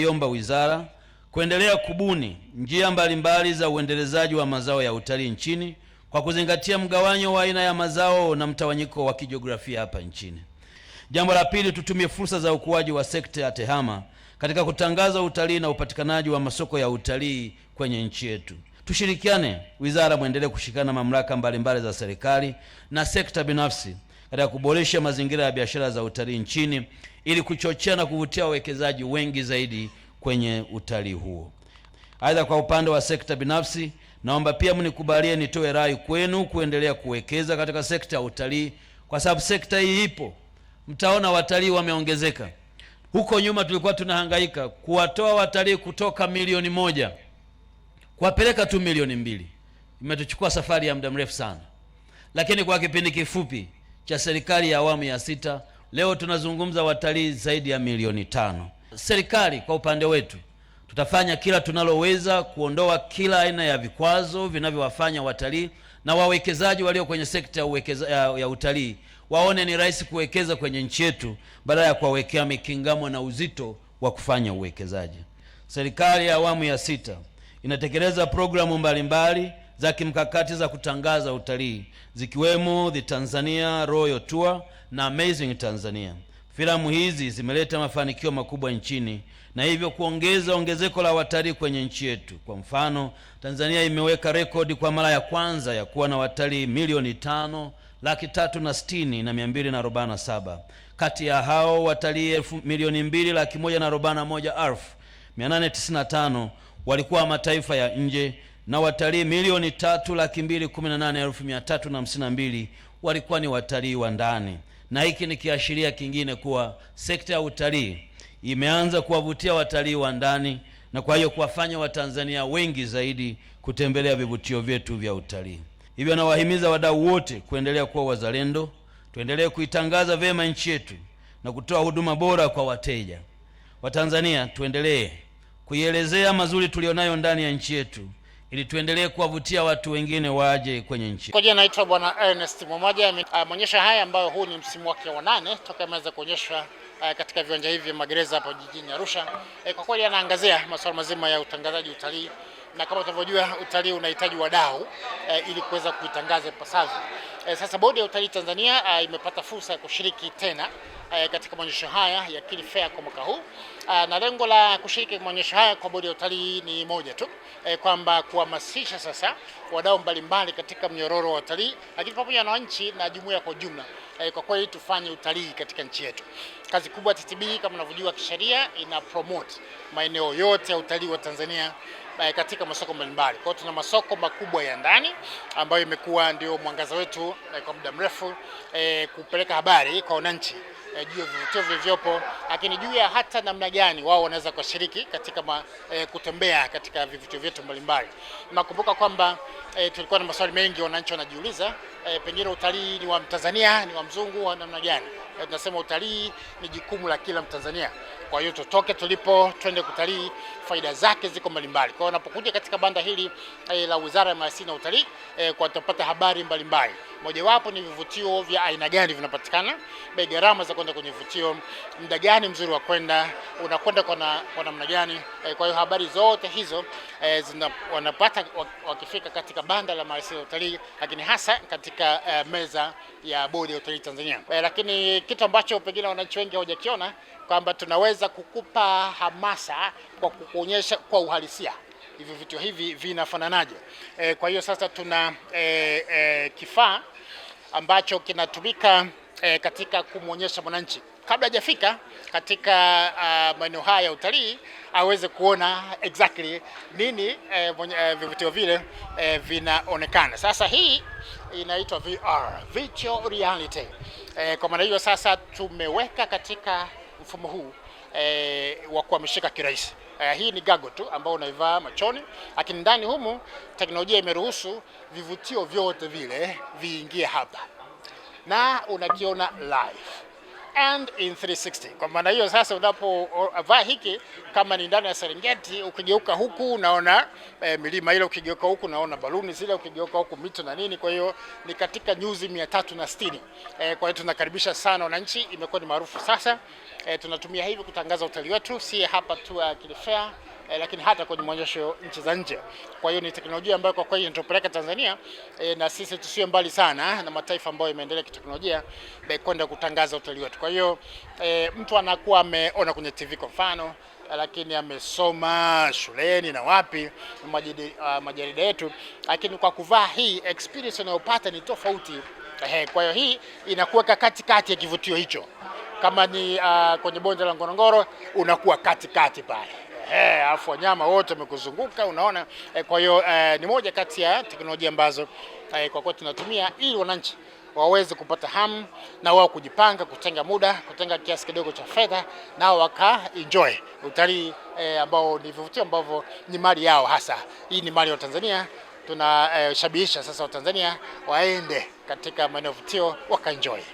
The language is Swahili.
Iomba wizara kuendelea kubuni njia mbalimbali za uendelezaji wa mazao ya utalii nchini kwa kuzingatia mgawanyo wa aina ya mazao na mtawanyiko wa kijiografia hapa nchini. Jambo la pili, tutumie fursa za ukuaji wa sekta ya tehama katika kutangaza utalii na upatikanaji wa masoko ya utalii kwenye nchi yetu. Tushirikiane, wizara mwendelee kushikana mamlaka mbalimbali za serikali na sekta binafsi katika kuboresha mazingira ya biashara za utalii nchini ili kuchochea na kuvutia wawekezaji wengi zaidi kwenye utalii huo. Aidha, kwa upande wa sekta binafsi, naomba pia mnikubalie nitoe rai kwenu kuendelea kuwekeza katika sekta ya utalii, kwa sababu sekta hii ipo. Mtaona watalii wameongezeka. Huko nyuma tulikuwa tunahangaika kuwatoa watalii kutoka milioni moja kuwapeleka tu milioni mbili. Imetuchukua safari ya muda mrefu sana, lakini kwa kipindi kifupi cha serikali ya awamu ya sita. Leo tunazungumza watalii zaidi ya milioni tano. Serikali kwa upande wetu tutafanya kila tunaloweza kuondoa kila aina ya vikwazo vinavyowafanya watalii na wawekezaji walio kwenye sekta ya, ya utalii waone ni rahisi kuwekeza kwenye nchi yetu badala ya kuwawekea mikingamo na uzito wa kufanya uwekezaji. Serikali ya awamu ya sita inatekeleza programu mbalimbali mbali, za kimkakati za kutangaza utalii zikiwemo The Tanzania Royal Tour na Amazing Tanzania. Filamu hizi zimeleta mafanikio makubwa nchini na hivyo kuongeza ongezeko la watalii kwenye nchi yetu. Kwa mfano, Tanzania imeweka rekodi kwa mara ya kwanza ya kuwa na watalii milioni tano laki tatu na sitini na mia mbili na arobaini na saba. Kati ya hao watalii milioni mbili laki moja na arobaini na moja elfu mia nane tisini na tano walikuwa mataifa ya nje na watalii milioni tatu laki mbili kumi na nane elfu mia tatu na hamsini na mbili walikuwa ni watalii wa ndani, na hiki ni kiashiria kingine kuwa sekta ya utalii imeanza kuwavutia watalii wa ndani na kwa hiyo kuwafanya Watanzania wengi zaidi kutembelea vivutio vyetu vya utalii. Hivyo nawahimiza wadau wote kuendelea kuwa wazalendo, tuendelee kuitangaza vyema nchi yetu na kutoa huduma bora kwa wateja. Watanzania, tuendelee kuielezea mazuri tuliyonayo ndani ya nchi yetu ili tuendelee kuwavutia watu wengine waje kwenye nchi. Kwa jina naitwa Bwana Ernest Mmoja. Ameonyesha ah, haya ambayo huu ni msimu wake wa nane toka ameweza kuonyeshwa ah, katika viwanja hivi vya magereza hapa jijini Arusha. Eh, kwa kweli anaangazia masuala mazima ya utangazaji utalii, na kama tunavyojua utalii unahitaji wadau eh, ili kuweza kuitangaza ipasavyo. Eh, sasa bodi ya utalii Tanzania ah, imepata fursa ya kushiriki tena eh, katika maonyesho haya ya Kili Fair kwa mwaka huu eh, na lengo la kushiriki maonyesho haya kwa bodi ya utalii ni moja tu eh, kwamba kuhamasisha sasa wadau mbalimbali katika mnyororo wa utalii, lakini pamoja na wananchi na jumuiya kwa ujumla eh, kwa kweli tufanye utalii katika nchi yetu. Kazi kubwa TTB kama unavyojua kisheria ina promote maeneo yote ya utalii wa Tanzania eh, katika masoko mbalimbali. Kwa hiyo tuna masoko makubwa ya ndani ambayo imekuwa ndio mwangaza wetu eh, kwa muda mrefu, e, kupeleka habari kwa wananchi eh, juu ya vivutio vilivyopo, lakini juu ya hata namna gani wao wanaweza kushiriki katika ma, eh, kutembea katika vivutio vyetu mbalimbali. Nakumbuka kwamba eh, tulikuwa na maswali mengi wananchi wanajiuliza, eh, pengine utalii ni wa Mtanzania, ni wa mzungu, wa namna gani? Eh, tunasema utalii ni jukumu la kila Mtanzania. Kwa hiyo tutoke tulipo twende kutalii, faida zake ziko mbalimbali. Kwa hiyo unapokuja katika banda hili eh, la Wizara ya Maliasili na Utalii eh, kwa utapata habari mbalimbali, mojawapo ni vivutio vya aina gani vinapatikana, bei, gharama za kwenda kwenye vivutio, muda gani mzuri wa kwenda, unakwenda kwa namna gani eh, kwa hiyo habari zote hizo eh, zina, wanapata wakifika katika banda la Maliasili na Utalii, lakini hasa katika eh, meza ya bodi ya utalii Tanzania. E, lakini kitu ambacho pengine wananchi wengi hawajakiona kwamba tunaweza kukupa hamasa kwa kukuonyesha kwa uhalisia hivyo vitu hivi vinafananaje. E, kwa hiyo sasa tuna e, e, kifaa ambacho kinatumika e, katika kumwonyesha mwananchi kabla hajafika katika uh, maeneo haya ya utalii aweze kuona exactly nini eh, eh, vivutio vile eh, vinaonekana. Sasa hii inaitwa VR, virtual reality eh, kwa maana hiyo sasa tumeweka katika mfumo huu eh, wa kuhamishika kirahisi. Uh, hii ni gago tu ambao unaivaa machoni, lakini ndani humu teknolojia imeruhusu vivutio vyote vile viingie hapa na unakiona live and in 360. Kwa maana hiyo sasa, unapovaa hiki kama ni ndani ya Serengeti, ukigeuka huku unaona eh, milima ile, ukigeuka huku unaona baluni zile, ukigeuka huku mito na nini. Kwa hiyo ni katika nyuzi 360. Eh, kwa hiyo tunakaribisha sana wananchi, imekuwa ni maarufu sasa. Eh, tunatumia hivi kutangaza utalii wetu, si hapa tu uh, Kilifair eh, lakini hata kwenye maonyesho nchi za nje. Kwa hiyo ni teknolojia ambayo kwa kweli inatupeleka Tanzania eh, na sisi tusiwe mbali sana na mataifa ambayo yameendelea kiteknolojia eh, kwenda kutangaza utalii wetu. Kwa hiyo eh, mtu anakuwa ameona kwenye TV kwa mfano lakini amesoma shuleni na wapi ah, majarida uh, yetu, lakini kwa kuvaa hii experience unayopata ni tofauti eh. Kwa hiyo hii inakuweka katikati ya kivutio hicho, kama ni uh, kwenye bonde la Ngorongoro unakuwa katikati pale eh, afu wanyama wote wamekuzunguka unaona eh. Kwa hiyo eh, ni moja kati ya teknolojia ambazo eh, kwa kweli tunatumia ili wananchi waweze kupata hamu na wao kujipanga, kutenga muda, kutenga kiasi kidogo cha fedha, nao waka enjoy utalii eh, ambao ni vivutio ambavyo ni mali yao hasa. Hii ni mali ya Tanzania tunashabihisha eh, sasa Watanzania waende katika maeneo vutio wakaenjoy.